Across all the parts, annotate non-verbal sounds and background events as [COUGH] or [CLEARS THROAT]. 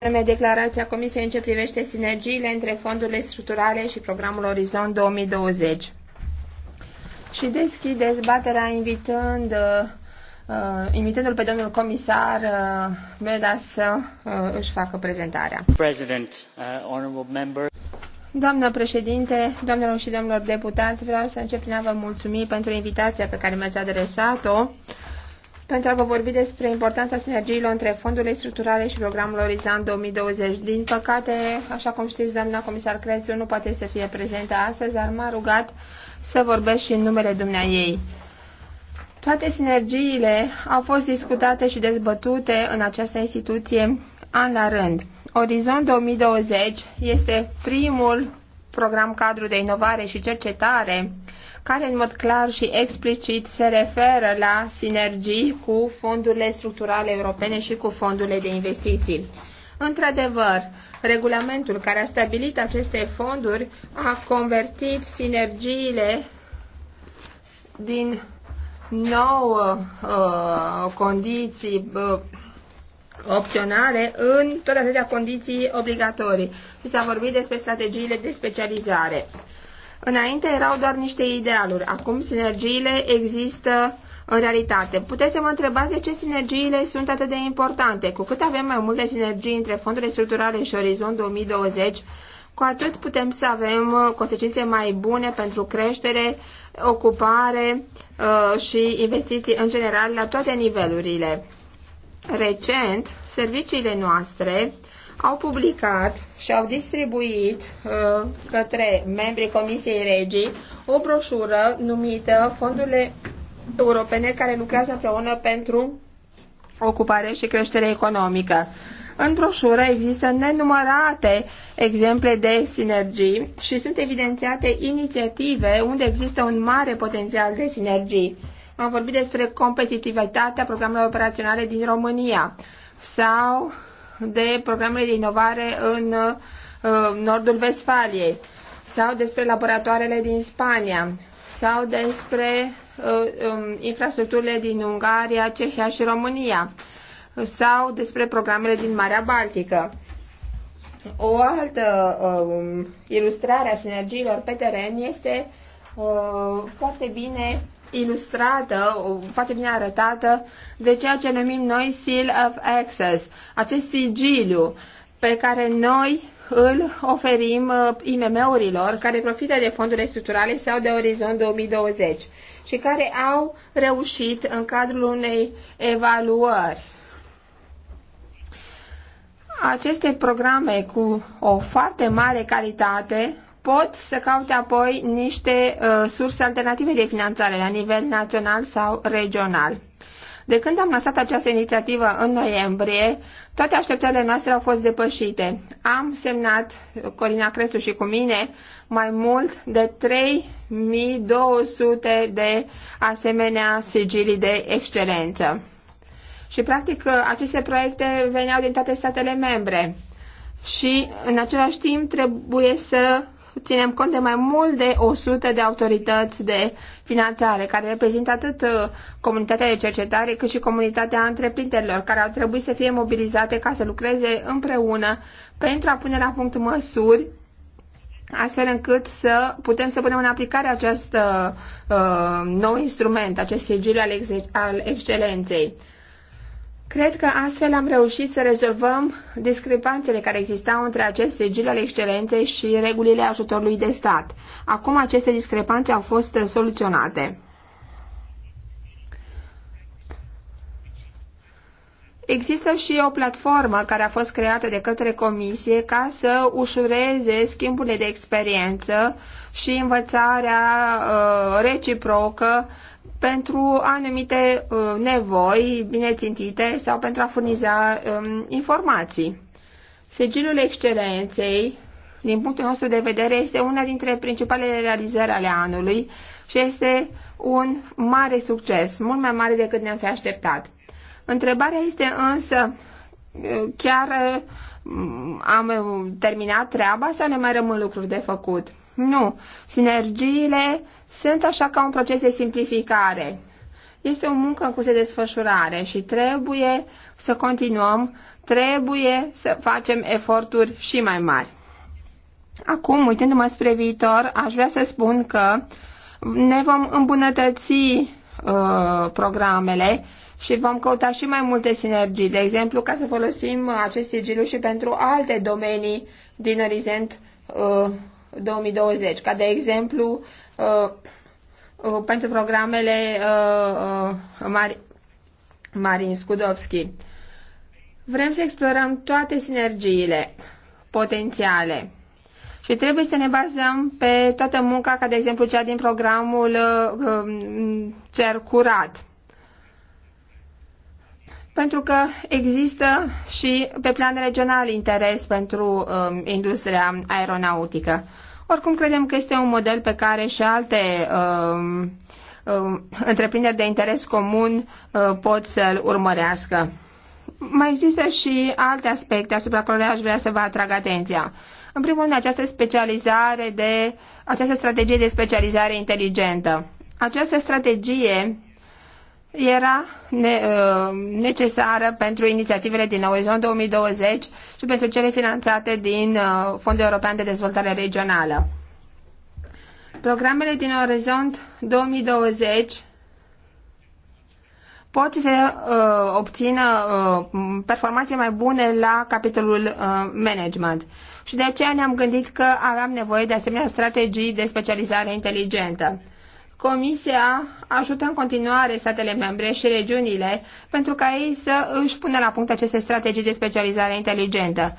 Vreme declarația Comisiei în ce privește sinergiile între fondurile structurale și programul Orizont 2020. Și deschid dezbaterea invitând, uh, uh, invitându-l pe domnul comisar uh, Meda să uh, își facă prezentarea. President, uh, Doamnă președinte, doamnelor și domnilor deputați, vreau să încep prin a vă mulțumi pentru invitația pe care mi-ați adresat-o pentru a vă vorbi despre importanța sinergiilor între fondurile structurale și programul Orizant 2020. Din păcate, așa cum știți, doamna comisar Crețu nu poate să fie prezentă astăzi, dar m-a rugat să vorbesc și în numele dumnea ei. Toate sinergiile au fost discutate și dezbătute în această instituție an la rând. Orizont 2020 este primul program cadru de inovare și cercetare care în mod clar și explicit se referă la sinergii cu fondurile structurale europene și cu fondurile de investiții. Într-adevăr, regulamentul care a stabilit aceste fonduri a convertit sinergiile din nouă uh, condiții uh, opționale în tot atâtea condiții obligatorii. s-a vorbit despre strategiile de specializare. Înainte erau doar niște idealuri, acum sinergiile există în realitate. Puteți să mă întrebați de ce sinergiile sunt atât de importante. Cu cât avem mai multe sinergii între fondurile structurale și Orizont 2020, cu atât putem să avem uh, consecințe mai bune pentru creștere, ocupare uh, și investiții în general la toate nivelurile. Recent, serviciile noastre au publicat și au distribuit uh, către membrii Comisiei Regii o broșură numită Fondurile Europene care lucrează împreună pentru ocupare și creștere economică. În broșură există nenumărate exemple de sinergii și sunt evidențiate inițiative unde există un mare potențial de sinergii. Am vorbit despre competitivitatea programelor operaționale din România sau de programele de inovare în uh, nordul Vestfaliei sau despre laboratoarele din Spania sau despre uh, um, infrastructurile din Ungaria, Cehia și România sau despre programele din Marea Baltică. O altă um, ilustrare a sinergiilor pe teren este uh, foarte bine ilustrată, foarte bine arătată de ceea ce numim noi Seal of Access, acest sigiliu pe care noi îl oferim uh, IMM-urilor care profită de fondurile structurale sau de Orizont 2020 și care au reușit în cadrul unei evaluări. Aceste programe cu o foarte mare calitate pot să caute apoi niște uh, surse alternative de finanțare la nivel național sau regional. De când am lansat această inițiativă în noiembrie, toate așteptările noastre au fost depășite. Am semnat, Corina Crestu și cu mine, mai mult de 3200 de asemenea sigilii de excelență. Și, practic, uh, aceste proiecte veneau din toate statele membre. Și, în același timp, trebuie să ținem cont de mai mult de 100 de autorități de finanțare, care reprezintă atât uh, comunitatea de cercetare, cât și comunitatea întreprinderilor, care au trebuit să fie mobilizate ca să lucreze împreună pentru a pune la punct măsuri astfel încât să putem să punem în aplicare acest uh, uh nou instrument, acest sigiliu al, al excelenței. Cred că astfel am reușit să rezolvăm discrepanțele care existau între acest sigil al excelenței și regulile ajutorului de stat. Acum aceste discrepanțe au fost soluționate. Există și o platformă care a fost creată de către comisie ca să ușureze schimburile de experiență și învățarea uh, reciprocă pentru anumite uh, nevoi bine țintite sau pentru a furniza um, informații. Sigiliul excelenței, din punctul nostru de vedere, este una dintre principalele realizări ale anului și este un mare succes, mult mai mare decât ne-am fi așteptat. Întrebarea este însă, uh, chiar uh, am terminat treaba sau ne mai rămân lucruri de făcut? Nu. Sinergiile sunt așa ca un proces de simplificare. Este o muncă în curs de desfășurare și trebuie să continuăm, trebuie să facem eforturi și mai mari. Acum, uitându-mă spre viitor, aș vrea să spun că ne vom îmbunătăți uh, programele și vom căuta și mai multe sinergii, de exemplu, ca să folosim acest sigiliu și pentru alte domenii din orizont uh, 2020, ca de exemplu uh, uh, pentru programele uh, Mari, Marin Skudovski. Vrem să explorăm toate sinergiile potențiale și trebuie să ne bazăm pe toată munca, ca de exemplu cea din programul Cer Curat pentru că există și pe plan regional interes pentru um, industria aeronautică. Oricum credem că este un model pe care și alte um, um, întreprinderi de interes comun uh, pot să-l urmărească. Mai există și alte aspecte asupra cărora aș vrea să vă atrag atenția. În primul rând, această specializare de, această strategie de specializare inteligentă. Această strategie era ne, uh, necesară pentru inițiativele din Orizont 2020 și pentru cele finanțate din uh, Fondul European de Dezvoltare Regională. Programele din Orizont 2020 pot să uh, obțină uh, performanțe mai bune la capitolul uh, management. Și de aceea ne-am gândit că aveam nevoie de asemenea strategii de specializare inteligentă. Comisia ajută în continuare statele membre și regiunile pentru ca ei să își pună la punct aceste strategii de specializare inteligentă,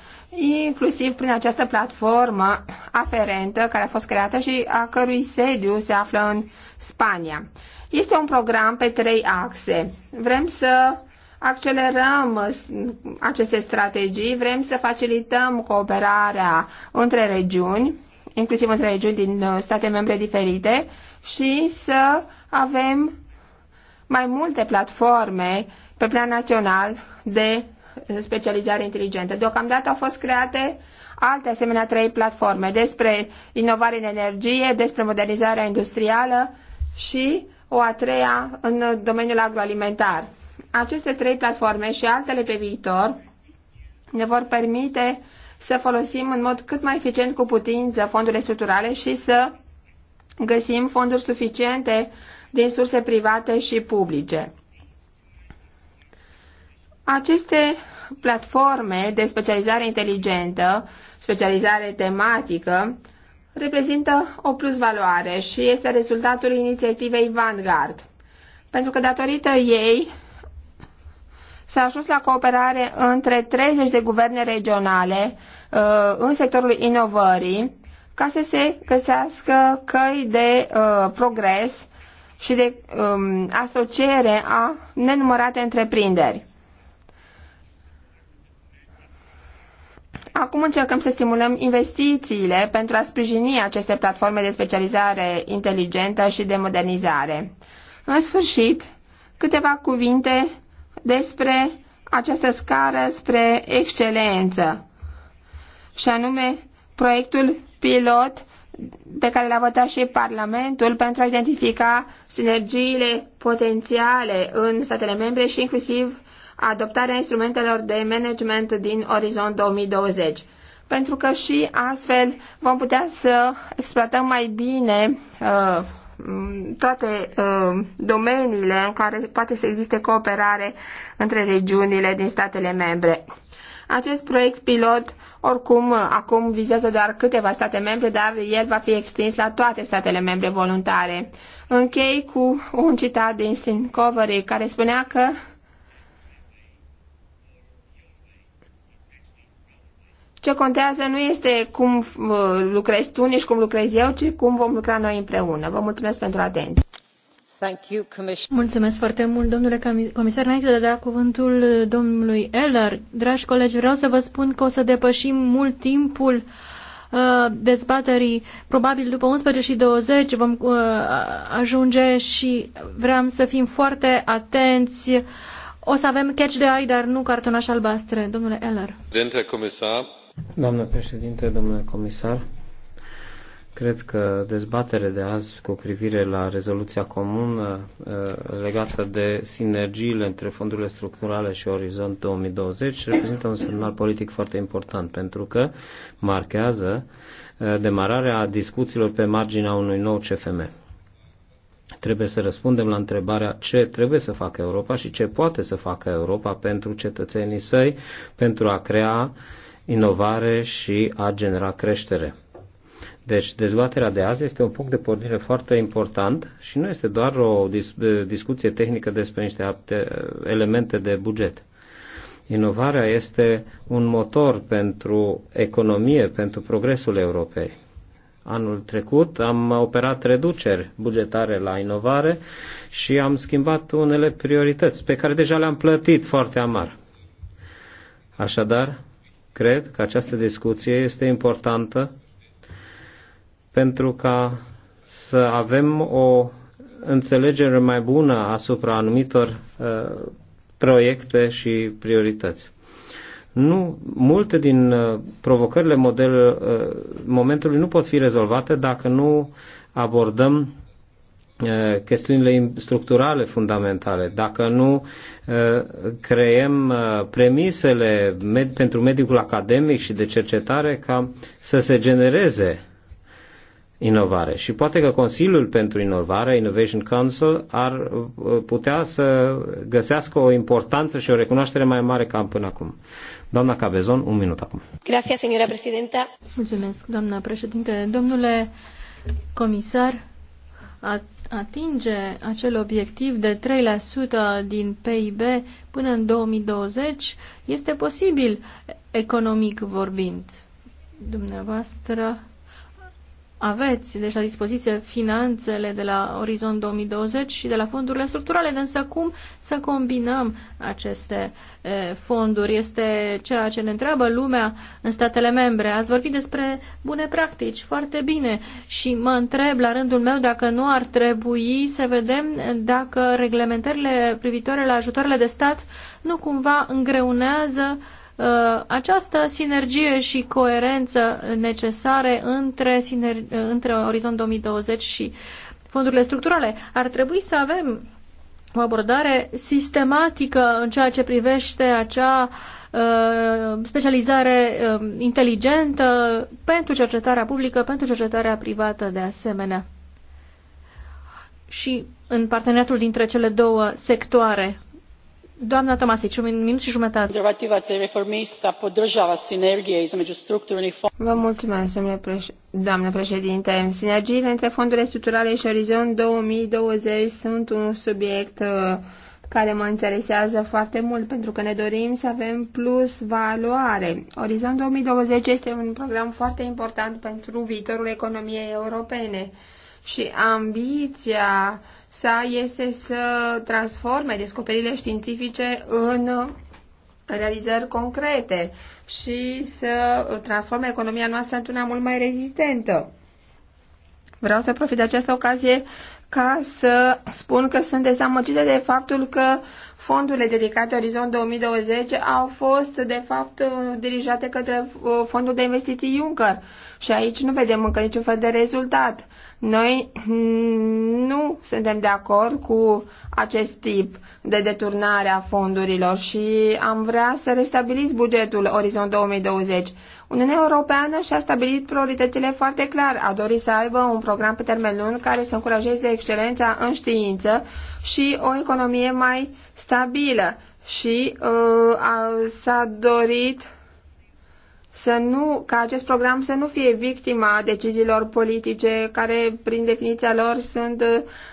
inclusiv prin această platformă aferentă care a fost creată și a cărui sediu se află în Spania. Este un program pe trei axe. Vrem să accelerăm aceste strategii, vrem să facilităm cooperarea între regiuni, inclusiv între regiuni din state membre diferite, și să avem mai multe platforme pe plan național de eh, specializare inteligentă. Deocamdată au fost create alte asemenea trei platforme despre inovare în energie, despre modernizarea industrială și o a treia în domeniul agroalimentar. Aceste trei platforme și altele pe viitor ne vor permite să folosim în mod cât mai eficient cu putință fondurile structurale și să găsim fonduri suficiente din surse private și publice. Aceste platforme de specializare inteligentă, specializare tematică, reprezintă o plusvaloare și este rezultatul inițiativei Vanguard, pentru că datorită ei s-a ajuns la cooperare între 30 de guverne regionale uh, în sectorul inovării, ca să se găsească căi de uh, progres și de um, asociere a nenumărate întreprinderi. Acum încercăm să stimulăm investițiile pentru a sprijini aceste platforme de specializare inteligentă și de modernizare. În sfârșit, câteva cuvinte despre această scară spre excelență, și anume proiectul pilot pe care l-a votat și Parlamentul pentru a identifica sinergiile potențiale în statele membre și inclusiv adoptarea instrumentelor de management din Orizont 2020. Pentru că și astfel vom putea să exploatăm mai bine uh, toate uh, domeniile în care poate să existe cooperare între regiunile din statele membre. Acest proiect pilot oricum, acum vizează doar câteva state membre, dar el va fi extins la toate statele membre voluntare. Închei cu un citat din Covery care spunea că ce contează nu este cum uh, lucrezi tu, nici cum lucrez eu, ci cum vom lucra noi împreună. Vă mulțumesc pentru atenție. Mulțumesc foarte mult, domnule comisar. Înainte de a da cuvântul domnului Eller, dragi colegi, vreau să vă spun că o să depășim mult timpul uh, dezbaterii. Probabil după 11 și 20 vom uh, ajunge și vreau să fim foarte atenți. O să avem catch de ai, dar nu cartonaș albastre. Domnule Eller. Domnule președinte, domnule comisar, Cred că dezbaterea de azi cu privire la rezoluția comună uh, legată de sinergiile între fondurile structurale și Orizont 2020 reprezintă un semnal politic foarte important pentru că marchează uh, demararea discuțiilor pe marginea unui nou CFM. Trebuie să răspundem la întrebarea ce trebuie să facă Europa și ce poate să facă Europa pentru cetățenii săi, pentru a crea inovare și a genera creștere deci dezbaterea de azi este un punct de pornire foarte important și nu este doar o dis- discuție tehnică despre niște elemente de buget. Inovarea este un motor pentru economie, pentru progresul Europei. Anul trecut am operat reduceri bugetare la inovare și am schimbat unele priorități pe care deja le-am plătit foarte amar. Așadar, cred că această discuție este importantă pentru ca să avem o înțelegere mai bună asupra anumitor uh, proiecte și priorități. Nu, multe din uh, provocările model, uh, momentului nu pot fi rezolvate dacă nu abordăm uh, chestiunile structurale fundamentale, dacă nu uh, creăm uh, premisele med, pentru medicul academic și de cercetare ca să se genereze inovare. Și poate că Consiliul pentru Inovare, Innovation Council, ar uh, putea să găsească o importanță și o recunoaștere mai mare ca până acum. Doamna Cabezon, un minut acum. Grazie, signora președinte. Mulțumesc, doamna președinte. Domnule comisar, atinge acel obiectiv de 3% din PIB până în 2020 este posibil economic vorbind. Dumneavoastră aveți deci la dispoziție finanțele de la Orizont 2020 și de la fondurile structurale, de însă cum să combinăm aceste e, fonduri? Este ceea ce ne întreabă lumea în statele membre. Ați vorbit despre bune practici, foarte bine, și mă întreb la rândul meu dacă nu ar trebui să vedem dacă reglementările privitoare la ajutoarele de stat nu cumva îngreunează uh, Uh, această sinergie și coerență necesare între, uh, între Orizont 2020 și fondurile structurale. Ar trebui să avem o abordare sistematică în ceea ce privește acea uh, specializare inteligentă pentru cercetarea publică, pentru cercetarea privată de asemenea. Și în parteneriatul dintre cele două sectoare doamnă tomai un minut și jumătate. konzervativaca i reformista podržava sinergije između strukturnih fondova. doamnă președinte sinergiile între fondurile structurale și orizont 2020 sunt un subiect uh, care mă interesează foarte mult pentru că ne dorim să avem plus valoare. Orizont 2020 este un program foarte important pentru viitorul economiei europene și ambiția sa este să transforme descoperirile științifice în realizări concrete și să transforme economia noastră într-una mult mai rezistentă. Vreau să profit de această ocazie ca să spun că sunt dezamăgită de faptul că fondurile dedicate Orizont 2020 au fost, de fapt, dirijate către uh, fondul de investiții Juncker. Și aici nu vedem încă niciun fel de rezultat. Noi nu suntem de acord cu acest tip de deturnare a fondurilor și am vrea să restabiliți bugetul Orizont 2020. Uniunea Europeană și-a stabilit prioritățile foarte clar. A dorit să aibă un program pe termen lung care să încurajeze excelența în știință și o economie mai stabilă și uh, s-a dorit să nu, ca acest program să nu fie victima deciziilor politice care, prin definiția lor, sunt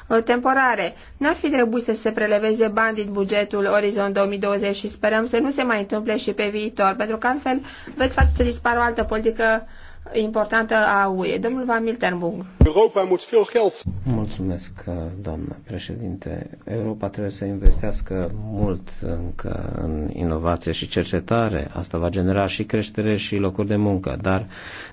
uh, temporare. N-ar fi trebuit să se preleveze bani din bugetul Orizont 2020 și sperăm să nu se mai întâmple și pe viitor, pentru că altfel veți face să dispară o altă politică importantă a UE. Domnul Van Miltenburg. Europa moet veel geld. Mulțumesc, uh, doamnă președinte. Europa trebuie să investească mult încă în inovație și cercetare. Asta va genera și creștere și locuri de muncă. Dar,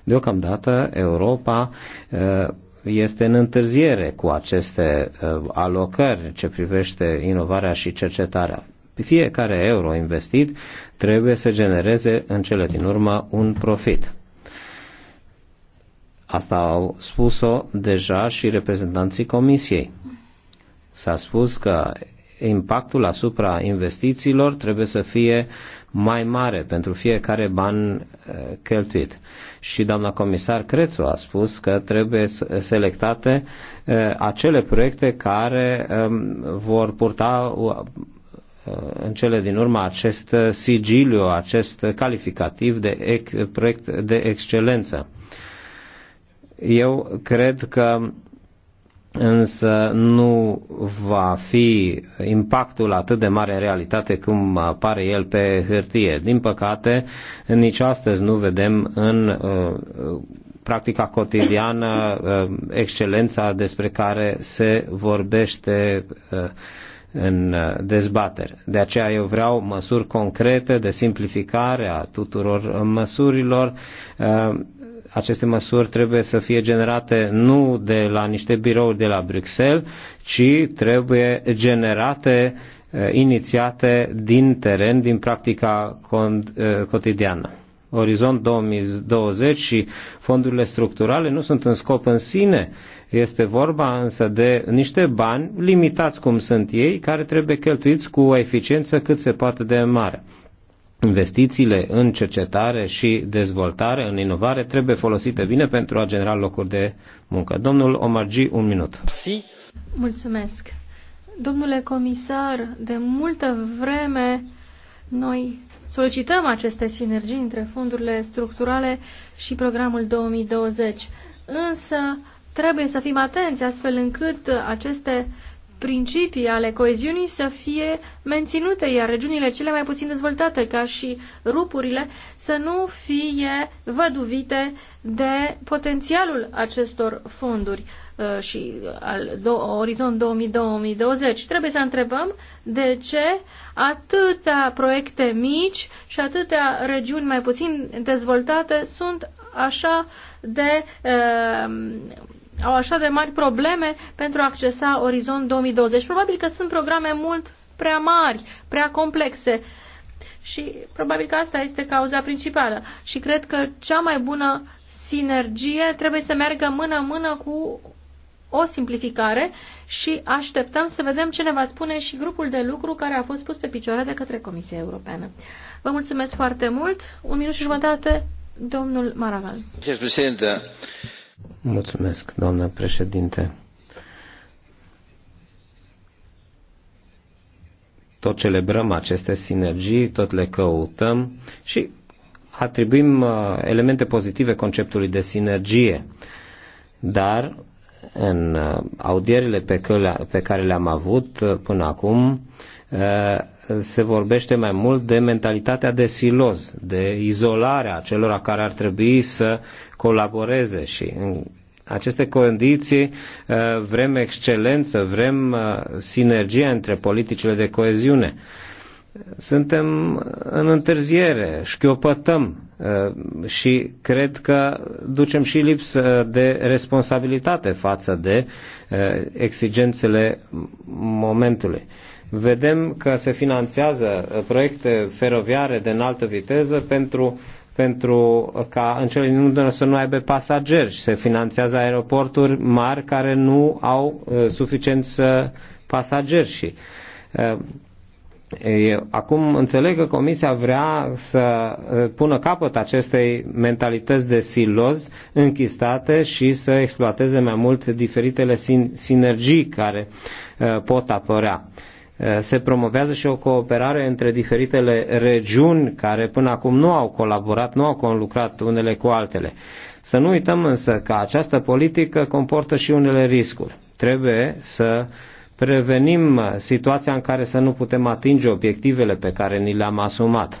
deocamdată, Europa uh, este în întârziere cu aceste uh, alocări ce privește inovarea și cercetarea fiecare euro investit trebuie să genereze în cele din urmă un profit. Asta au spus-o deja și reprezentanții Comisiei. S-a spus că impactul asupra investițiilor trebuie să fie mai mare pentru fiecare ban eh, cheltuit. Și doamna comisar Crețu a spus că trebuie selectate eh, acele proiecte care ehm, vor purta uh, eh, în cele din urmă acest sigiliu, acest calificativ de proiect de excelență. Eu cred că însă nu va fi impactul atât de mare în realitate cum apare el pe hârtie. Din păcate, nici astăzi nu vedem în uh, practica cotidiană uh, excelența despre care se vorbește uh, în dezbateri. De aceea eu vreau măsuri concrete de simplificare a tuturor măsurilor, uh, aceste măsuri trebuie să fie generate nu de la niște birouri de la Bruxelles, ci trebuie generate, eh, inițiate din teren, din practica eh, cotidiană. Orizont 2020 și fondurile structurale nu sunt în scop în sine, este vorba însă de niște bani limitați cum sunt ei, care trebuie cheltuiți cu o eficiență cât se poate de mare investițiile în cercetare și dezvoltare, în inovare, trebuie folosite bine pentru a genera locuri de muncă. Domnul Omargi, un minut. Mulțumesc. Domnule comisar, de multă vreme noi solicităm aceste sinergii între fondurile structurale și programul 2020. Însă trebuie să fim atenți astfel încât aceste principii ale coeziunii să fie menținute, iar regiunile cele mai puțin dezvoltate, ca și rupurile, să nu fie văduvite de potențialul acestor fonduri uh, și al Orizont 2020. Trebuie să întrebăm de ce atâtea proiecte mici și atâtea regiuni mai puțin dezvoltate sunt așa de uh, au așa de mari probleme pentru a accesa Orizont 2020. Probabil că sunt programe mult prea mari, prea complexe și probabil că asta este cauza principală. Și cred că cea mai bună sinergie trebuie să meargă mână-mână cu o simplificare și așteptăm să vedem ce ne va spune și grupul de lucru care a fost pus pe picioare de către Comisia Europeană. Vă mulțumesc foarte mult. Un minut și jumătate, domnul Maragal. Mulțumesc, președinte. Mulțumesc, doamnă președinte. Tot celebrăm aceste sinergii, tot le căutăm și atribuim uh, elemente pozitive conceptului de sinergie. Dar în uh, audierile pe, pe care le-am avut uh, până acum, Eh, se vorbește mai mult de mentalitatea de siloz, de izolarea celor care ar trebui să colaboreze și în aceste condiții eh, vrem excelență, vrem eh, sinergia între politicile de coeziune. Suntem în întârziere, șchiopătăm și cred că ducem și lipsă de responsabilitate față de exigențele momentului. Vedem că se finanțează uh, proiecte feroviare de înaltă viteză pentru pentru ca în cele din urmă să nu aibă pasageri se finanțează aeroporturi mari care nu au uh, suficient să pasageri și uh, acum înțeleg că Comisia vrea să pună capăt acestei mentalități de siloz închistate și să exploateze mai mult diferitele sin- sinergii care pot apărea. Eh, se promovează și o cooperare între diferitele regiuni care până acum nu au colaborat, nu au conlucrat unele cu altele. Să nu uităm însă că această politică comportă și unele riscuri. Trebuie să prevenim situația în care să nu putem atinge obiectivele pe care ni le-am asumat.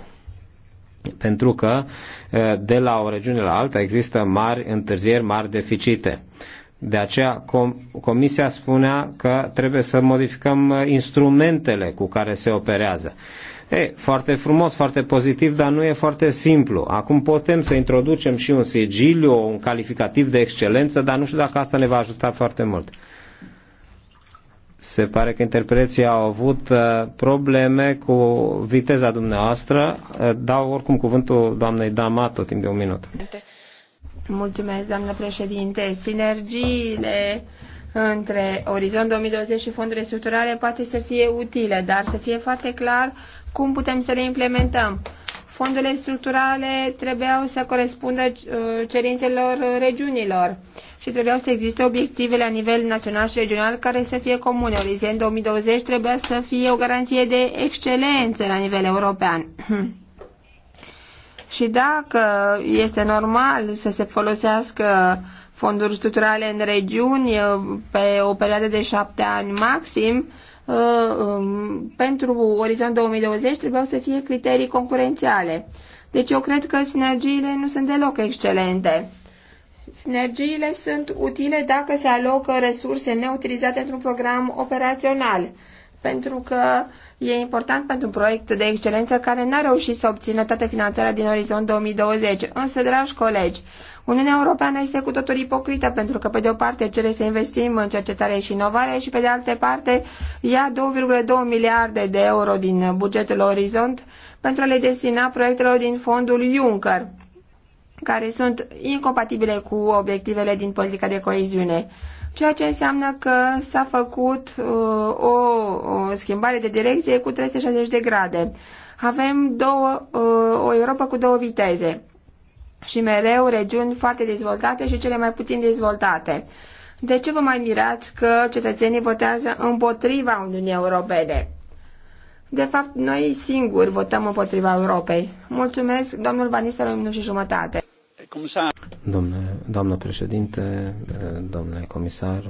Pentru că eh, de la o regiune la alta există mari întârzieri, mari deficite. De aceea Comisia spunea că trebuie să modificăm uh, instrumentele cu care se operează. E, foarte frumos, foarte pozitiv, dar nu e foarte simplu. Acum putem să introducem și un sigiliu, un calificativ de excelență, dar nu știu dacă asta ne va ajuta foarte mult. Se pare că interpreții au avut uh, probleme cu viteza dumneavoastră. Uh, dau oricum cuvântul doamnei Dama tot timp de un minut. Mulțumesc, doamnă președinte. Sinergiile între Orizont 2020 și fondurile structurale poate să fie utile, dar să fie foarte clar cum putem să le implementăm. Fondurile structurale trebuiau să corespundă uh, cerințelor uh, regiunilor și trebuiau să existe obiective la nivel național și regional care să fie comune. Orizont 2020 trebuia să fie o garanție de excelență la nivel european. [CLEARS THROAT] Și dacă este normal să se folosească fonduri structurale în regiuni pe o perioadă de șapte ani maxim, um, pentru orizont 2020 trebuiau să fie criterii concurențiale. Deci eu cred că sinergiile nu sunt deloc excelente. Sinergiile sunt utile dacă se alocă resurse neutilizate într-un program operațional, pentru că E important pentru un proiect de excelență care n-a reușit să obțină toată finanțarea din orizont 2020. Însă, dragi colegi, Uniunea Europeană este cu totul ipocrită pentru că, pe de o parte, cere să investim în cercetare și inovare și, pe de altă parte, ia 2,2 miliarde de euro din bugetul Orizont pentru a le destina proiectelor din fondul Juncker, care sunt incompatibile cu obiectivele din politica de coeziune ceea ce înseamnă că s-a făcut uh, o, o schimbare de direcție cu 360 de grade. Avem două, uh, o Europa cu două viteze și mereu regiuni foarte dezvoltate și cele mai puțin dezvoltate. De ce vă mai mirați că cetățenii votează împotriva Uniunii Europene? De fapt, noi singuri votăm împotriva Europei. Mulțumesc, domnul Banistă, un minut și jumătate. Domnule, doamnă președinte, domnule comisar,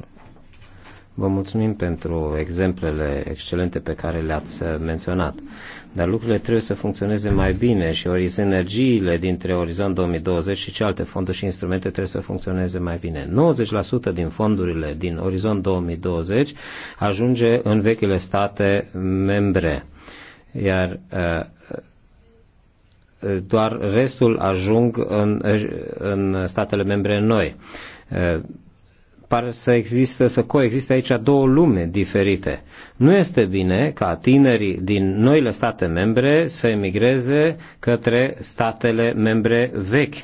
vă mulțumim pentru exemplele excelente pe care le-ați menționat. Dar lucrurile trebuie să funcționeze mai bine și ori sinergiile dintre Orizont 2020 și celelalte fonduri și instrumente trebuie să funcționeze mai bine. 90% din fondurile din Orizont 2020 ajunge în vechile state membre. Iar uh, doar restul ajung în, în statele membre noi. Pare să există, să coexiste aici două lume diferite. Nu este bine ca tinerii din noile state membre să emigreze către statele membre vechi.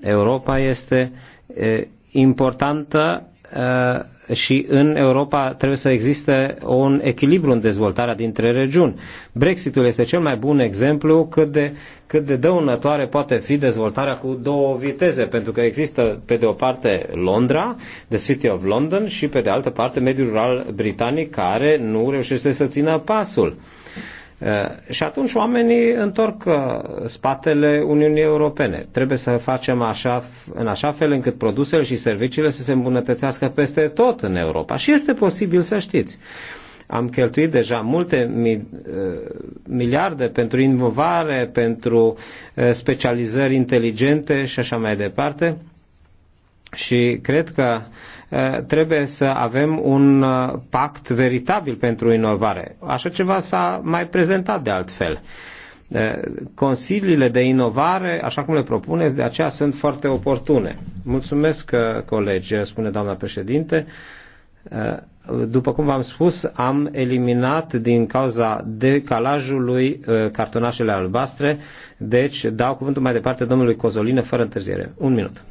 Europa este importantă Uh, și în Europa trebuie să existe un echilibru în dezvoltarea dintre regiuni. Brexitul este cel mai bun exemplu cât de, cât de dăunătoare poate fi dezvoltarea cu două viteze, pentru că există pe de o parte Londra, The City of London, și pe de altă parte mediul rural britanic care nu reușește să țină pasul. Uh, Eh, și atunci oamenii întorc eh, spatele Uniunii Europene. Trebuie să facem așa, în așa fel încât produsele și serviciile să se îmbunătățească peste tot în Europa. Și este posibil să știți. Am cheltuit deja multe mi, eh, miliarde pentru inovare, pentru specializări inteligente și așa mai departe. Și cred că uh, Eh, trebuie să avem un eh, pact veritabil pentru inovare. Așa ceva s-a mai prezentat de altfel. Eh, consiliile de inovare, așa cum le propuneți, de aceea sunt foarte oportune. Mulțumesc, colegi, spune doamna președinte după cum v-am spus, am eliminat din cauza decalajului uh, cartonașele albastre, deci dau cuvântul mai departe domnului Cozolină fără întârziere. Un minut.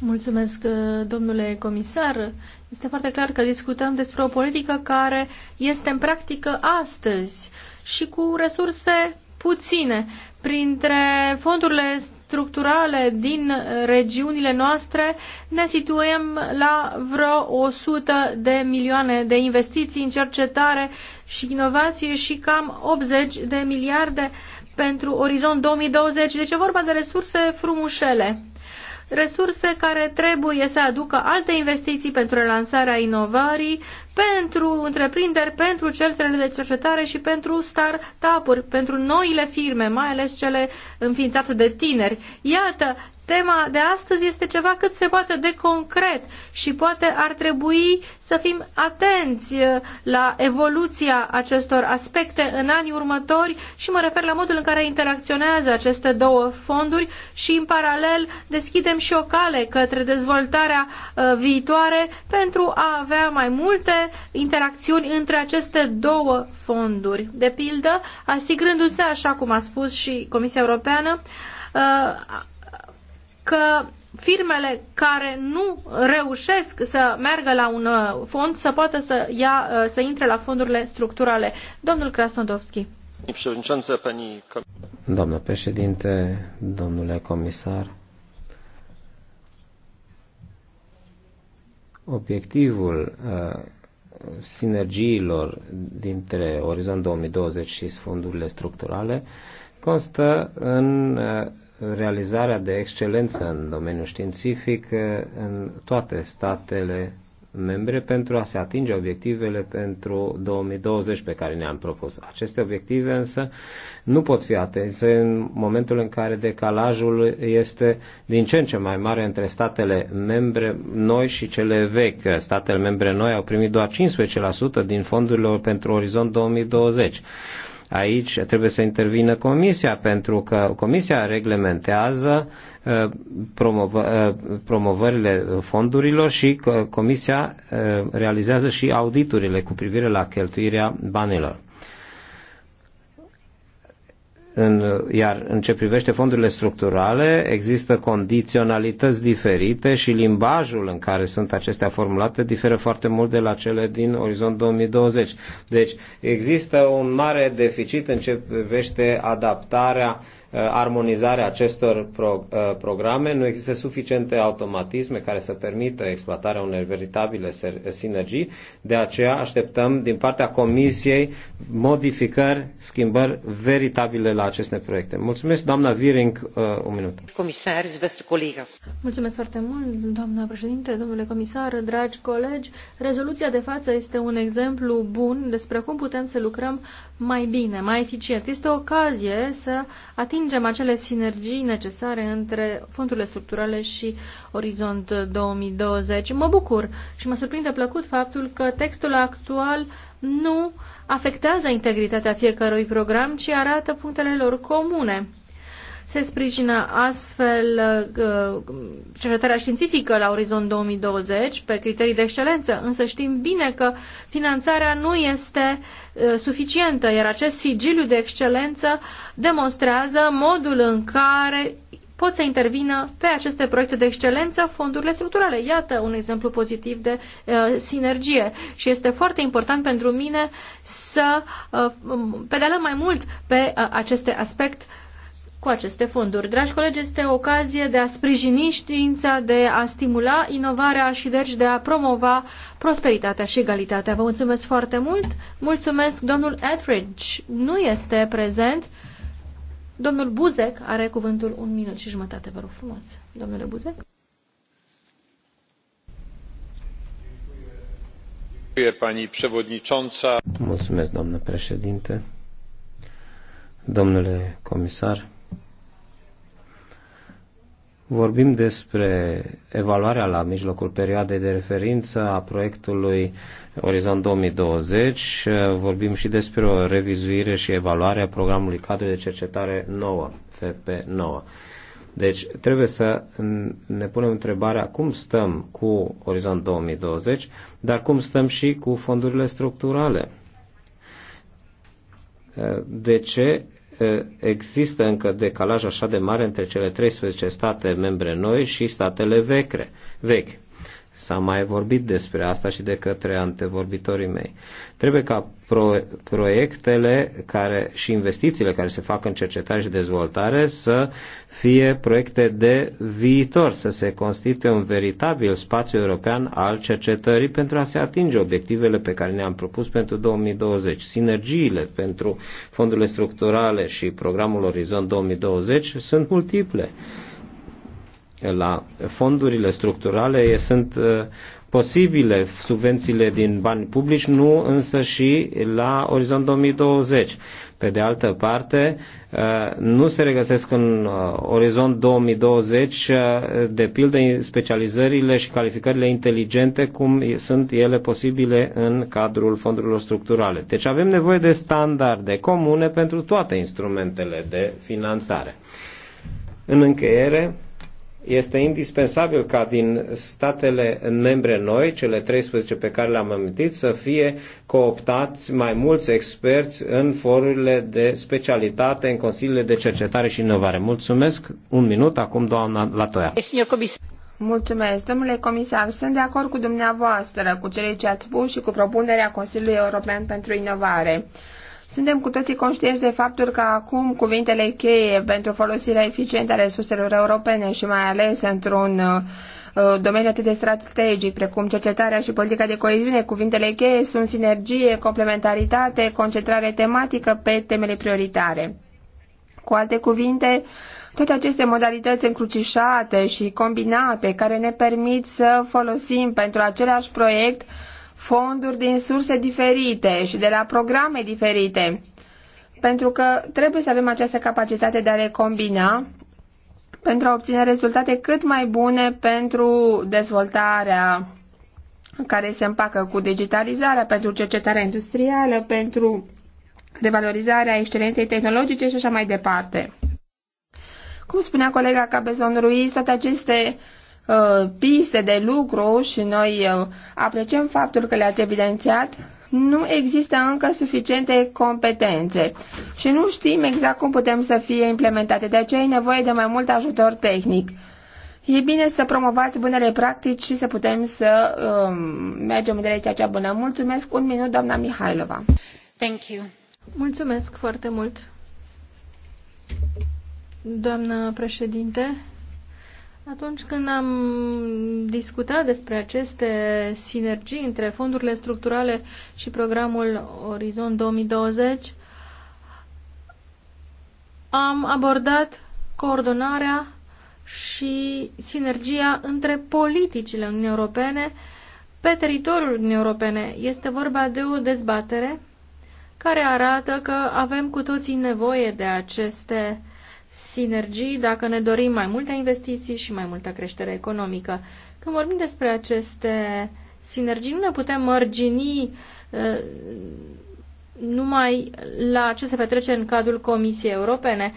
Mulțumesc, uh, domnule comisar. Este foarte clar că discutăm despre o politică care este în practică astăzi și cu resurse puține. Printre fondurile structurale din uh, regiunile noastre, ne situăm la vreo 100 de milioane de investiții în cercetare și inovație și cam 80 de miliarde pentru orizont 2020. Deci e vorba de resurse frumușele. Resurse care trebuie să aducă alte investiții pentru relansarea inovării, pentru întreprinderi, pentru centrele de cercetare și pentru start-up-uri, pentru noile firme, mai ales cele înființate de tineri. Iată Tema de astăzi este ceva cât se poate de concret și poate ar trebui să fim atenți uh, la evoluția acestor aspecte în anii următori și mă refer la modul în care interacționează aceste două fonduri și în paralel deschidem și o cale către dezvoltarea uh, viitoare pentru a avea mai multe interacțiuni între aceste două fonduri. De pildă, asigurându-se, așa cum a spus și Comisia Europeană, uh, că firmele care nu reușesc să meargă la un uh, fond să poată să, ia, uh, să intre la fondurile structurale. Domnul Krasnodovski. Doamnă președinte, domnule comisar, obiectivul uh, sinergiilor dintre Orizont 2020 și fondurile structurale constă în uh, realizarea de excelență în domeniul științific eh, în toate statele membre pentru a se atinge obiectivele pentru 2020 pe care ne-am propus. Aceste obiective însă nu pot fi atinse în momentul în care decalajul este din ce în ce mai mare între statele membre noi și cele vechi. Statele membre noi au primit doar 15% din fondurile pentru Orizont 2020. Aici trebuie să intervină Comisia, pentru că Comisia reglementează uh, uh, promovările fondurilor și Comisia uh, realizează și auditurile cu privire la cheltuirea banilor. În, iar în ce privește fondurile structurale, există condiționalități diferite și limbajul în care sunt acestea formulate diferă foarte mult de la cele din Orizont 2020. Deci există un mare deficit în ce privește adaptarea Uh, armonizarea a acestor uh, programe, nu există suficiente automatisme care să permită exploatarea unei veritabile sinergii, de aceea așteptăm din partea Comisiei modificări, schimbări veritabile la aceste proiecte. Mulțumesc, doamna Viring, uh, un minut. Comisar, Mulțumesc foarte mult, doamna președinte, domnule comisar, dragi colegi. Rezoluția de față este un exemplu bun despre cum putem să lucrăm mai bine, mai eficient. Este o ocazie să atingem atingem acele sinergii necesare între fondurile structurale și Orizont 2020. Mă bucur și mă surprinde plăcut faptul că textul actual nu afectează integritatea fiecărui program, ci arată punctele lor comune. Se sprijină astfel uh, cercetarea științifică la orizont 2020 pe criterii de excelență, însă știm bine că finanțarea nu este uh, Uh, suficientă, iar acest sigiliu de excelență demonstrează modul în care pot să intervină pe aceste proiecte de excelență fondurile structurale. Iată un exemplu pozitiv de uh, sinergie și este foarte important pentru mine să uh, pedalăm mai mult pe uh, aceste aspect, cu aceste fonduri. Dragi colegi, este o ocazie de a sprijini știința, de a stimula inovarea și deci de a promova prosperitatea și egalitatea. Vă mulțumesc foarte mult. Mulțumesc, domnul Etheridge nu este prezent. Domnul Buzek are cuvântul un minut și jumătate, vă rog frumos. Domnule Buzek. Mulțumesc, doamnă președinte. Domnule comisar, vorbim despre evaluarea la mijlocul perioadei de referință a proiectului Orizont 2020, vorbim și despre o revizuire și evaluare a programului cadru de cercetare 9, FP9. Deci trebuie să ne punem întrebarea cum stăm cu Orizont 2020, dar cum stăm și cu fondurile structurale. De ce există încă decalaj așa de mare între cele 13 state membre noi și statele vechi. S-a mai vorbit despre asta și de către antevorbitorii mei. Trebuie ca pro- proiectele care, și investițiile care se fac în cercetare și dezvoltare să fie proiecte de viitor, să se constituie un veritabil spațiu european al cercetării pentru a se atinge obiectivele pe care ne-am propus pentru 2020. Sinergiile pentru fondurile structurale și programul Orizont 2020 sunt multiple la fondurile structurale sunt posibile subvențiile din bani publici, nu însă și la orizont 2020. Pe de altă parte, nu se regăsesc în orizont 2020, de pildă, specializările și calificările inteligente, cum sunt ele posibile în cadrul fondurilor structurale. Deci avem nevoie de standarde comune pentru toate instrumentele de finanțare. În încheiere, este indispensabil ca din statele membre noi, cele 13 pe care le-am amintit, să fie cooptați mai mulți experți în forurile de specialitate, în consiliile de cercetare și inovare. Mulțumesc. Un minut, acum doamna Latoia. Mulțumesc, domnule comisar. Sunt de acord cu dumneavoastră, cu cele ce ați spus și cu propunerea Consiliului European pentru Inovare. Suntem cu toții conștienți de faptul că acum cuvintele cheie pentru folosirea eficientă a resurselor europene și mai ales într-un uh, uh, domeniu atât de strategic precum cercetarea și politica de coeziune, cuvintele cheie sunt sinergie, complementaritate, concentrare tematică pe temele prioritare. Cu alte cuvinte, toate aceste modalități încrucișate și combinate care ne permit să folosim pentru același proiect fonduri din surse diferite și de la programe diferite, pentru că trebuie să avem această capacitate de a le combina pentru a obține rezultate cât mai bune pentru dezvoltarea care se împacă cu digitalizarea, pentru cercetarea industrială, pentru revalorizarea excelenței tehnologice și așa mai departe. Cum spunea colega Cabezon Ruiz, toate aceste Uh, piste de lucru și noi uh, apreciem faptul că le-ați evidențiat, nu există încă suficiente competențe și nu știm exact cum putem să fie implementate, de aceea e nevoie de mai mult ajutor tehnic. E bine să promovați bunele practici și să putem să um, mergem în direcția cea bună. Mulțumesc un minut, doamna Mihailova. Thank you. Mulțumesc foarte mult. doamna președinte, atunci când am discutat despre aceste sinergii între fondurile structurale și programul Orizont 2020, am abordat coordonarea și sinergia între politicile Uniunii Europene pe teritoriul Uniunii Europene. Este vorba de o dezbatere care arată că avem cu toții nevoie de aceste sinergii dacă ne dorim mai multe investiții și mai multă creștere economică. Când vorbim despre aceste sinergii, nu ne putem mărgini uh, numai la ce se petrece în cadrul Comisiei Europene.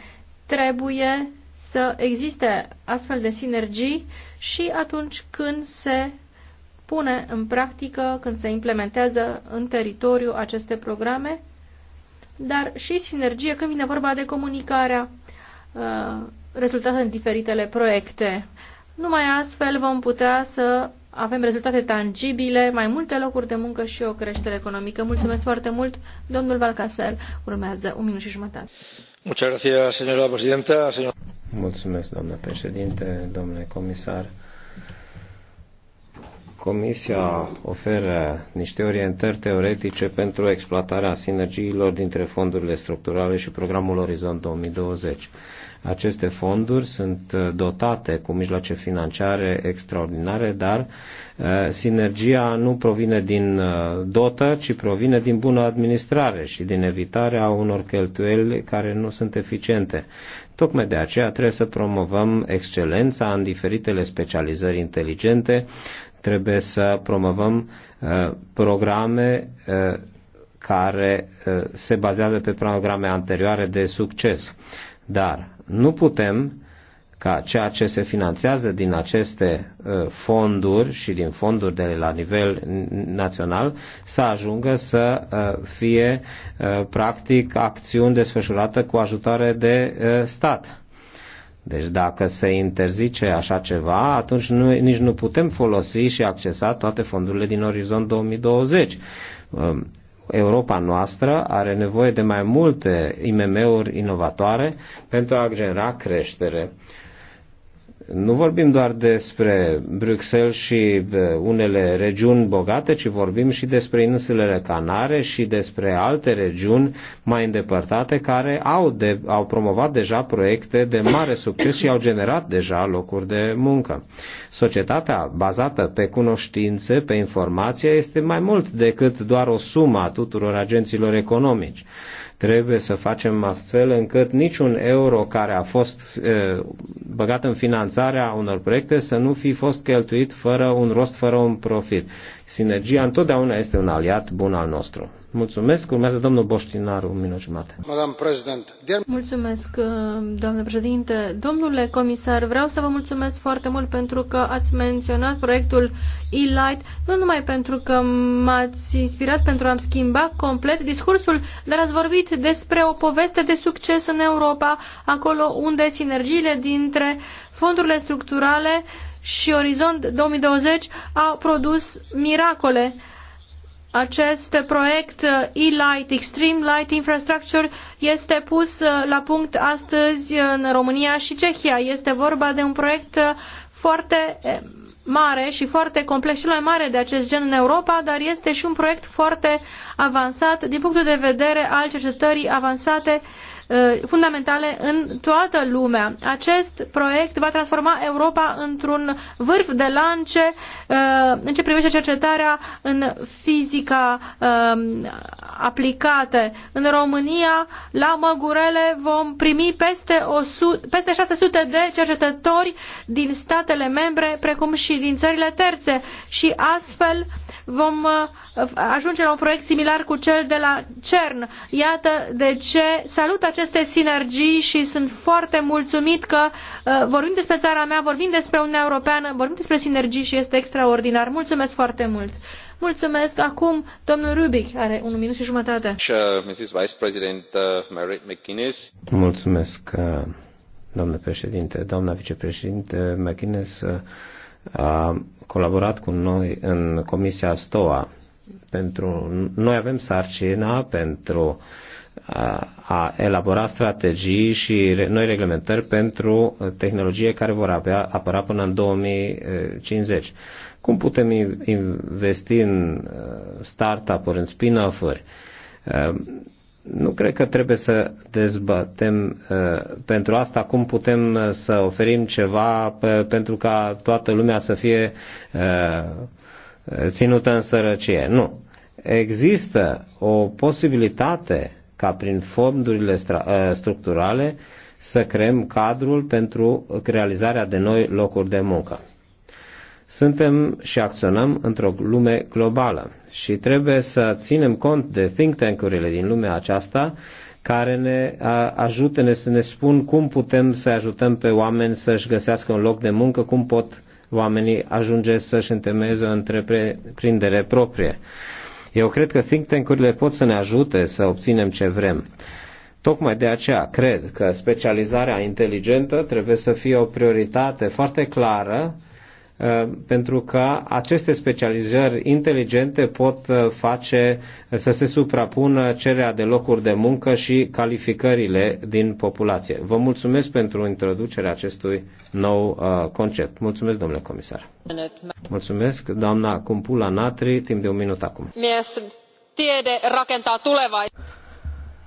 Trebuie să existe astfel de sinergii și atunci când se pune în practică, când se implementează în teritoriu aceste programe, dar și sinergie când vine vorba de comunicarea Uh, rezultate în diferitele proiecte. Numai astfel vom putea să avem rezultate tangibile, mai multe locuri de muncă și o creștere economică. Mulțumesc foarte mult, domnul Valcaser. Urmează un minut și jumătate. Mulțumesc, doamnă președinte, domnule comisar. Comisia oferă niște orientări teoretice pentru exploatarea sinergiilor dintre fondurile structurale și programul Orizont 2020. Aceste fonduri sunt uh, dotate cu mijloace financiare extraordinare, dar uh, sinergia nu provine din uh, dotă, ci provine din bună administrare și din evitarea unor cheltuieli care nu sunt eficiente. Tocmai de aceea trebuie să promovăm excelența în diferitele specializări inteligente, trebuie să promovăm programe care se bazează pe programe anterioare de succes. Dar nu putem ca ceea ce se finanțează din aceste uh, fonduri și din fonduri de la nivel național să ajungă să uh, fie uh, practic acțiuni desfășurate cu ajutare de stat. Deci dacă se interzice așa ceva, atunci nu, nici nu putem folosi și accesa toate fondurile din Orizont 2020. Europa noastră are nevoie de mai multe IMM-uri inovatoare pentru a genera creștere. Nu vorbim doar despre Bruxelles și unele regiuni bogate, ci vorbim și despre insulele Canare și despre alte regiuni mai îndepărtate care au, de, au promovat deja proiecte de mare succes și au generat deja locuri de muncă. Societatea bazată pe cunoștințe, pe informație, este mai mult decât doar o sumă a tuturor agenților economici. Trebuie să facem astfel încât niciun euro care a fost băgat în finanțarea unor proiecte să nu fi fost cheltuit fără un rost, fără un profit. Sinergia întotdeauna este un aliat bun al nostru. Mulțumesc. Urmează domnul Boștinaru, un minut jumate. Mulțumesc, uh, domnule președinte. Domnule comisar, vreau să vă mulțumesc foarte mult pentru că ați menționat proiectul e-light, nu numai pentru că m-ați inspirat pentru a-mi schimba complet discursul, dar ați vorbit despre o poveste de succes în Europa, acolo unde sinergiile dintre fondurile structurale uh, și Orizont 2020 au produs miracole. Acest proiect uh, e-light, Extreme Light Infrastructure, este pus uh, la punct astăzi în România și Cehia. Este vorba de un proiect uh, foarte eh, mare și foarte complex, cel mai mare de acest gen în Europa, dar este și un proiect foarte avansat din punctul de vedere al cercetării avansate uh, Uh, fundamentale în toată lumea. Acest proiect va transforma Europa într-un vârf de lance uh, în ce privește cercetarea în fizica um, aplicate. În România, la Măgurele, vom primi peste, 100, peste 600 de cercetători din statele membre, precum și din țările terțe și astfel vom uh, ajunge la un proiect similar cu cel de la CERN. Iată de ce salut acest aceste sinergii și sunt foarte mulțumit că uh, vorbim despre țara mea, vorbim despre Uniunea Europeană, vorbim despre sinergii și este extraordinar. Mulțumesc foarte mult! Mulțumesc! Acum, domnul Rubic are un minut și jumătate. Mrs. Vice President uh, Mary McInnes. Mulțumesc, uh, doamnă președinte. Doamna vicepreședinte McInnes uh, a colaborat cu noi în Comisia STOA. Pentru, noi avem sarcina pentru uh, a elabora strategii și noi reglementări pentru tehnologie care vor avea, apăra până în 2050. Cum putem investi în uh, startup-uri, în spin-off-uri? Uh, nu cred că trebuie să dezbatem uh, pentru asta cum putem să oferim ceva pentru ca toată lumea să fie ținută în sărăcie. Nu. Există o posibilitate ca prin fondurile ă, structurale să creăm cadrul pentru realizarea de noi locuri de muncă. Suntem și acționăm într-o lume globală și trebuie să ținem cont de think tank-urile din lumea aceasta care ne ajută, ne, să ne spun cum putem să ajutăm pe oameni să-și găsească un loc de muncă, cum pot oamenii ajunge să-și întemeieze o întreprindere proprie. Eu cred că think tank-urile pot să ne ajute să obținem ce vrem. Tocmai de aceea cred că specializarea inteligentă trebuie să fie o prioritate foarte clară Uh, pentru că aceste specializări inteligente pot uh, face uh, să se suprapună cererea de locuri de muncă și calificările din populație. Vă mulțumesc pentru introducerea acestui nou concept. Mulțumesc, domnule comisar. Mulțumesc, doamna Cumpula Natri, timp de un minut acum.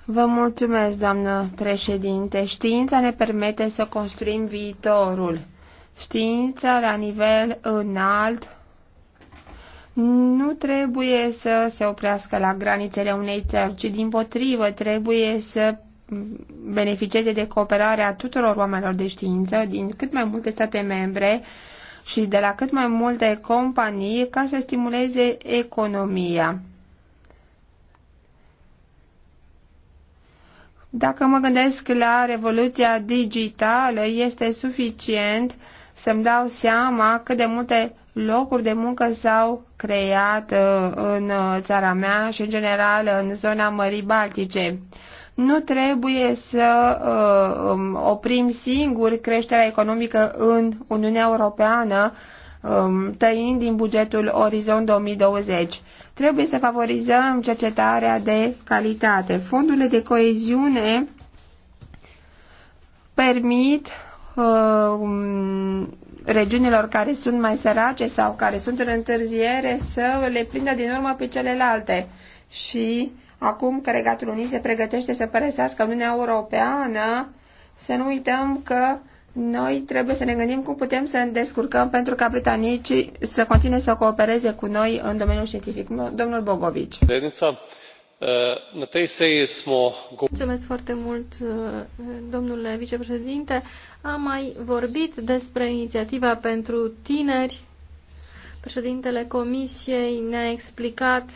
Vă mulțumesc, doamnă președinte. Știința ne permite să construim viitorul. Știința la nivel înalt nu trebuie să se oprească la granițele unei țări, ci din potrivă trebuie să beneficieze de cooperarea tuturor oamenilor de știință din cât mai multe state membre și de la cât mai multe companii ca să stimuleze economia. Dacă mă gândesc la revoluția digitală, este suficient uh, să-mi dau seama cât de multe locuri de muncă s-au creat uh, în uh, țara mea și, în general, în zona Mării Baltice. Nu trebuie să uh, um, oprim singuri creșterea economică în Uniunea Europeană, um, tăind din bugetul Orizont 2020. Trebuie să favorizăm cercetarea de calitate. Fondurile de coeziune permit Uh, um, regiunilor care sunt mai sărace sau care sunt în întârziere să le prindă din urmă pe celelalte. Și acum că Regatul Unii se pregătește să părăsească Uniunea Europeană, să nu uităm că noi trebuie să ne gândim cum putem să ne descurcăm pentru ca britanicii să continue să coopereze cu noi în domeniul științific. Domnul Bogovici. Eh, Mulțumesc foarte mult, eh, domnule vicepreședinte. Am mai vorbit despre inițiativa pentru tineri. Președintele Comisiei ne-a explicat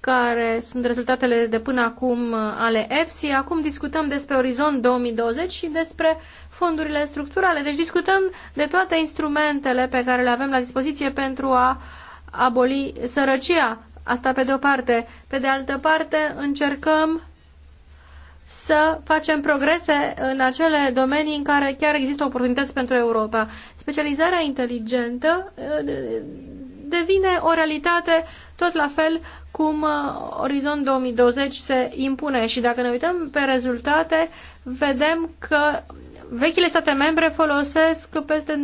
care sunt rezultatele de până acum eh, ale EFSI. Acum discutăm despre Orizont 2020 și despre fondurile structurale. Deci discutăm de toate instrumentele pe care le avem la dispoziție pentru a aboli sărăcia. Asta pe de o parte. Pe de altă parte, încercăm să facem progrese în acele domenii în care chiar există oportunități pentru Europa. Specializarea inteligentă eh, devine o realitate tot la fel cum eh, Orizont 2020 se impune și dacă ne uităm pe rezultate, vedem că vechile state membre folosesc peste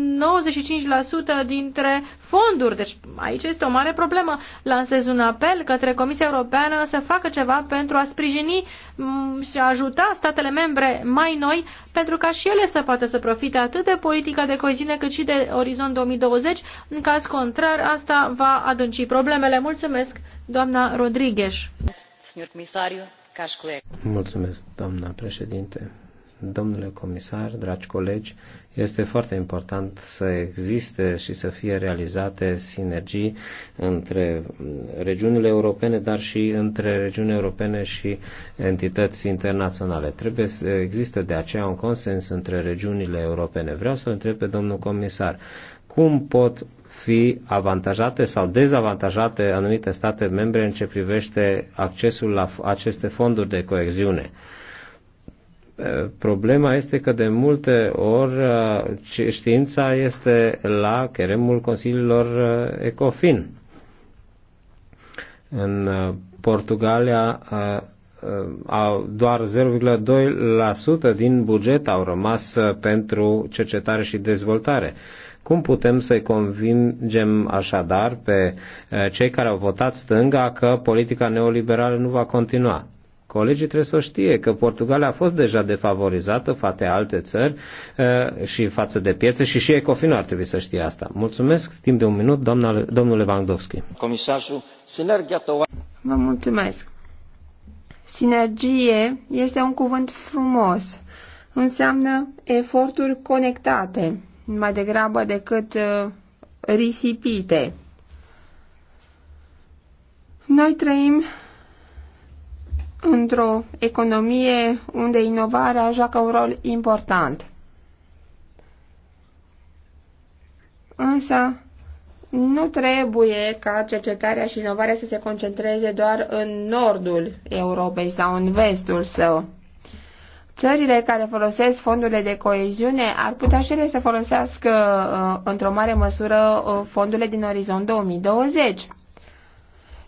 95% dintre fonduri, deci aici este o mare problemă. Lansez un apel către Comisia Europeană să facă ceva pentru a sprijini mm, și a ajuta statele membre mai noi pentru ca și ele să poată să profite atât de politica de coeziune cât și de Orizont 2020. În caz contrar, asta va adânci problemele. Mulțumesc, doamna Rodriguez. Mulțumesc, doamna președinte. Domnule comisar, dragi colegi, este foarte important să existe și să fie realizate sinergii între regiunile europene, dar și între regiunile europene și entități internaționale. Trebuie să existe de aceea un consens între regiunile europene. Vreau să întreb pe domnul comisar, cum pot fi avantajate sau dezavantajate anumite state membre în ce privește accesul la aceste fonduri de coeziune? Problema este că de multe ori știința este la cheremul consiliilor ECOFIN. În Portugalia au doar 0,2% din buget au rămas pentru cercetare și dezvoltare. Cum putem să-i convingem așadar pe cei care au votat stânga că politica neoliberală nu va continua? Colegii trebuie să știe că Portugalia a fost deja defavorizată față de alte țări uh, și față de piețe și și Ecofinul ar trebui să știe asta. Mulțumesc. Timp de un minut, doamna, domnule Vangdovski. Comisarul, sinergia Vă mulțumesc. Sinergie este un cuvânt frumos. Înseamnă eforturi conectate, mai degrabă decât uh, risipite. Noi trăim într-o economie unde inovarea joacă un rol important. Însă, nu trebuie ca cercetarea și inovarea să se concentreze doar în nordul Europei sau în vestul său. Țările care folosesc fondurile de coeziune ar putea și ele să folosească uh, într-o mare măsură uh, fondurile din orizont 2020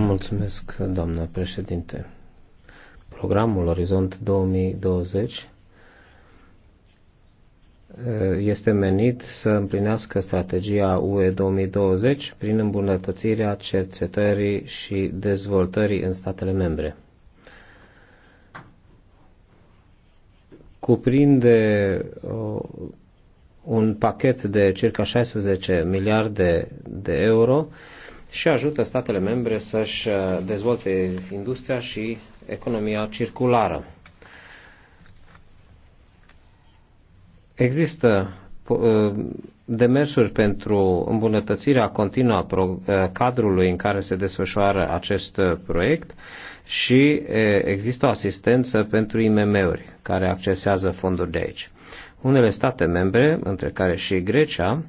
Mulțumesc, doamnă președinte. Programul Orizont 2020 eh, este menit să împlinească strategia UE 2020 prin îmbunătățirea cercetării și dezvoltării în statele membre. Cuprinde eh, un pachet de circa 16 miliarde de euro și ajută statele membre să-și uh, dezvolte industria și economia circulară. Există uh, demersuri pentru îmbunătățirea continuă a uh, cadrului în care se desfășoară acest proiect și există o asistență pentru IMM-uri care accesează fonduri de aici. Unele state membre, între care și Grecia,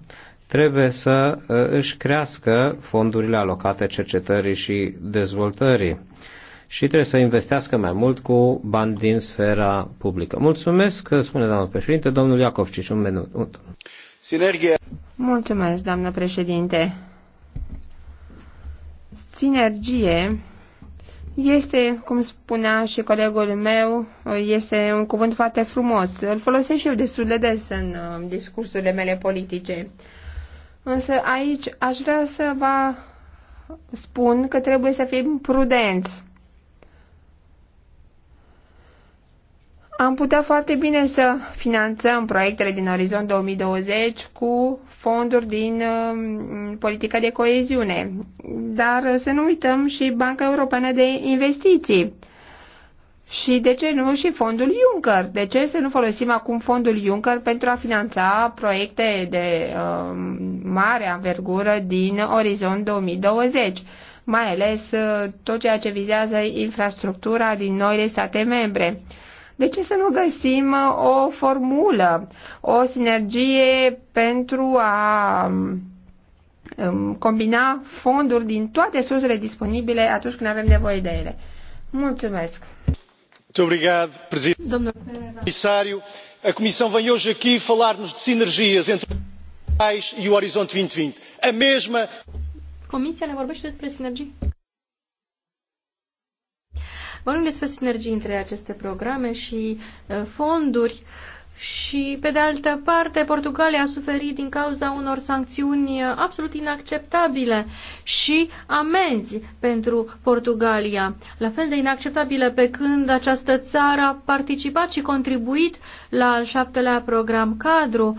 trebuie să uh, își crească fondurile alocate cercetării și dezvoltării și trebuie să investească mai mult cu bani din sfera publică. Mulțumesc, spune doamna președinte, domnul și un minut. Sinergie. Mulțumesc, doamnă președinte. Sinergie este, cum spunea și colegul meu, este un cuvânt foarte frumos. Îl folosesc și eu destul de des în uh, discursurile mele politice. Însă aici aș vrea să vă spun că trebuie să fim prudenți. Am putea foarte bine să finanțăm proiectele din Orizont 2020 cu fonduri din uh, politica de coeziune, dar să nu uităm și Banca Europeană de Investiții și de ce nu și fondul Juncker? De ce să nu folosim acum fondul Juncker pentru a finanța proiecte de uh, mare anvergură din orizont 2020? Mai ales uh, tot ceea ce vizează infrastructura din noile state membre. De ce să nu găsim uh, o formulă, o sinergie pentru a um, um combina fonduri din toate sursele disponibile atunci când avem nevoie de ele? Mulțumesc! domnule comissário a comissão vem hoje aqui falar nos de sinergias între rural și orizont. două mii douăzeci a mesma. comisia ne vorbește despre sinergii. vorbim despre sinergii între aceste programe și uh, fonduri și, pe de altă parte, Portugalia a suferit din cauza unor sancțiuni absolut inacceptabile și amenzi pentru Portugalia. La fel de inacceptabile pe când această țară a participat și contribuit la al șaptelea program cadru.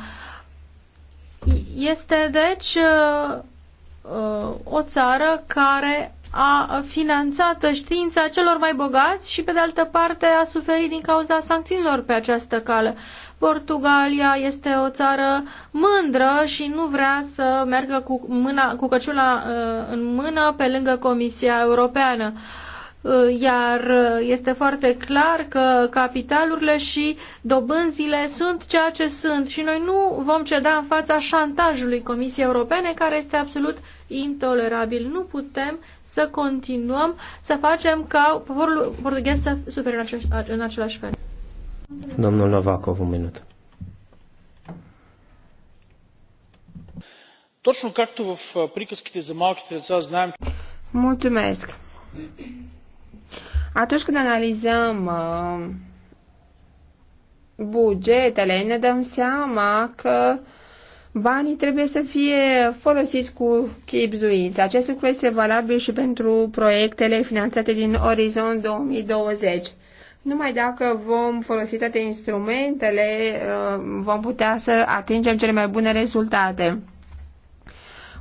Este, deci, uh, o țară care a finanțat știința celor mai bogați și, pe de altă parte, a suferit din cauza sancțiunilor pe această cale. Portugalia este o țară mândră și nu vrea să meargă cu, mâna, cu căciula uh, în mână pe lângă Comisia Europeană uh, iar uh, este foarte clar că capitalurile și dobânzile sunt ceea ce sunt și noi nu vom ceda în fața șantajului Comisiei Europene care este absolut intolerabil. Nu putem să continuăm să facem ca poporul portughez să sufere în, acești, în același fel. Domnul Novakov, un minut. Точно както в приказките за малките деца знаем... Мултимеск. А când analizăm анализам bugetele, ne дам сяма, că Banii trebuie să fie folosiți cu chipzuință. Acest lucru este valabil și pentru proiectele finanțate din Orizont 2020. Numai dacă vom folosi toate instrumentele, uh, vom putea să atingem cele mai bune rezultate.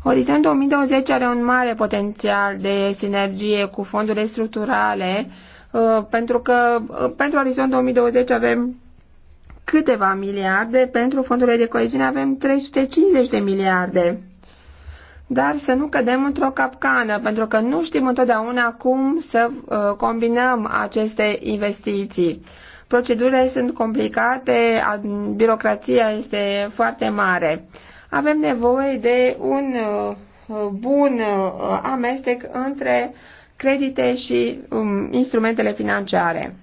Orizont 2020 are un mare potențial de sinergie cu fondurile structurale, uh, pentru că uh, pentru Orizont 2020 avem câteva miliarde, pentru fondurile de coeziune avem 350 de miliarde. Dar să nu cădem într-o capcană, pentru că nu știm întotdeauna cum să uh, combinăm aceste investiții. Procedurile sunt complicate, birocrația este foarte mare. Avem nevoie de un uh, bun uh, amestec între credite și um, instrumentele financiare.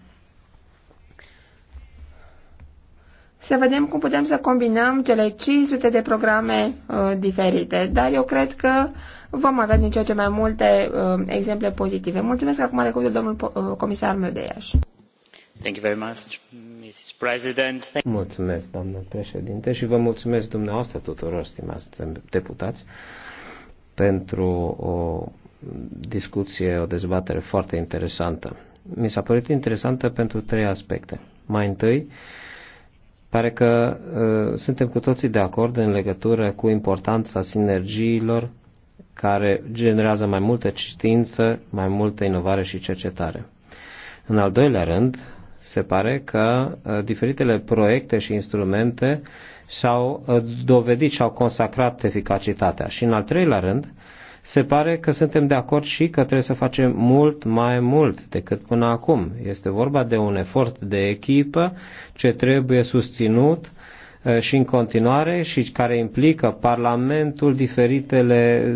să vedem cum putem să combinăm cele 500 de programe uh, diferite. Dar eu cred că vom avea din ceea ce mai multe uh, exemple pozitive. Mulțumesc acum are cuvântul domnul uh, comisar Mădeiaș. Thank you very much, Mrs. President. Mulțumesc, doamnă președinte, și vă mulțumesc dumneavoastră tuturor, stimați deputați, pentru o discuție, o dezbatere foarte interesantă. Mi s-a părut interesantă pentru trei aspecte. Mai întâi, uh, Pare că uh, suntem cu toții de acord în legătură cu importanța sinergiilor care generează mai multă știință, mai multă inovare și cercetare. În al doilea rând, se pare că uh, diferitele proiecte și instrumente s au uh, dovedit și-au consacrat eficacitatea. Și în al treilea rând, uh, se pare că suntem de acord și că trebuie să facem mult mai mult decât până acum. Este vorba de un efort de echipă ce trebuie susținut și în continuare și care implică Parlamentul, diferitele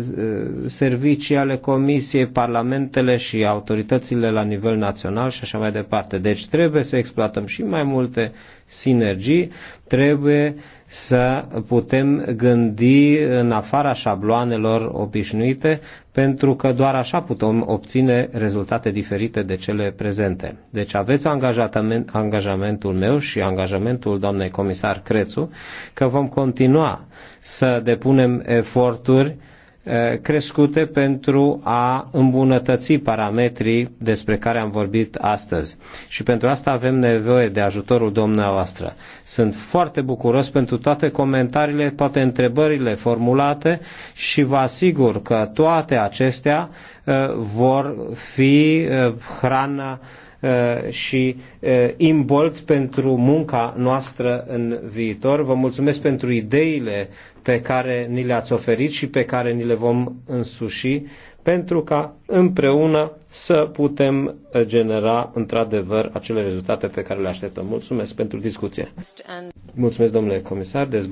servicii ale Comisiei, Parlamentele și autoritățile la nivel național și așa mai departe. Deci trebuie să exploatăm și mai multe sinergii, trebuie să putem gândi în afara șabloanelor obișnuite, pentru că doar așa putem obține rezultate diferite de cele prezente. Deci aveți angajamentul meu și angajamentul doamnei comisar Crețu că vom continua să depunem eforturi Eh, crescute pentru a îmbunătăți parametrii despre care am vorbit astăzi. Și pentru asta avem nevoie de ajutorul dumneavoastră. Sunt foarte bucuros pentru toate comentariile, toate întrebările formulate și vă asigur că toate acestea eh, vor fi eh, hrana și imbolt pentru munca noastră în viitor. Vă mulțumesc pentru ideile pe care ni le-ați oferit și pe care ni le vom însuși pentru ca împreună să putem genera într-adevăr acele rezultate pe care le așteptăm. Mulțumesc pentru discuție. Mulțumesc, domnule comisar.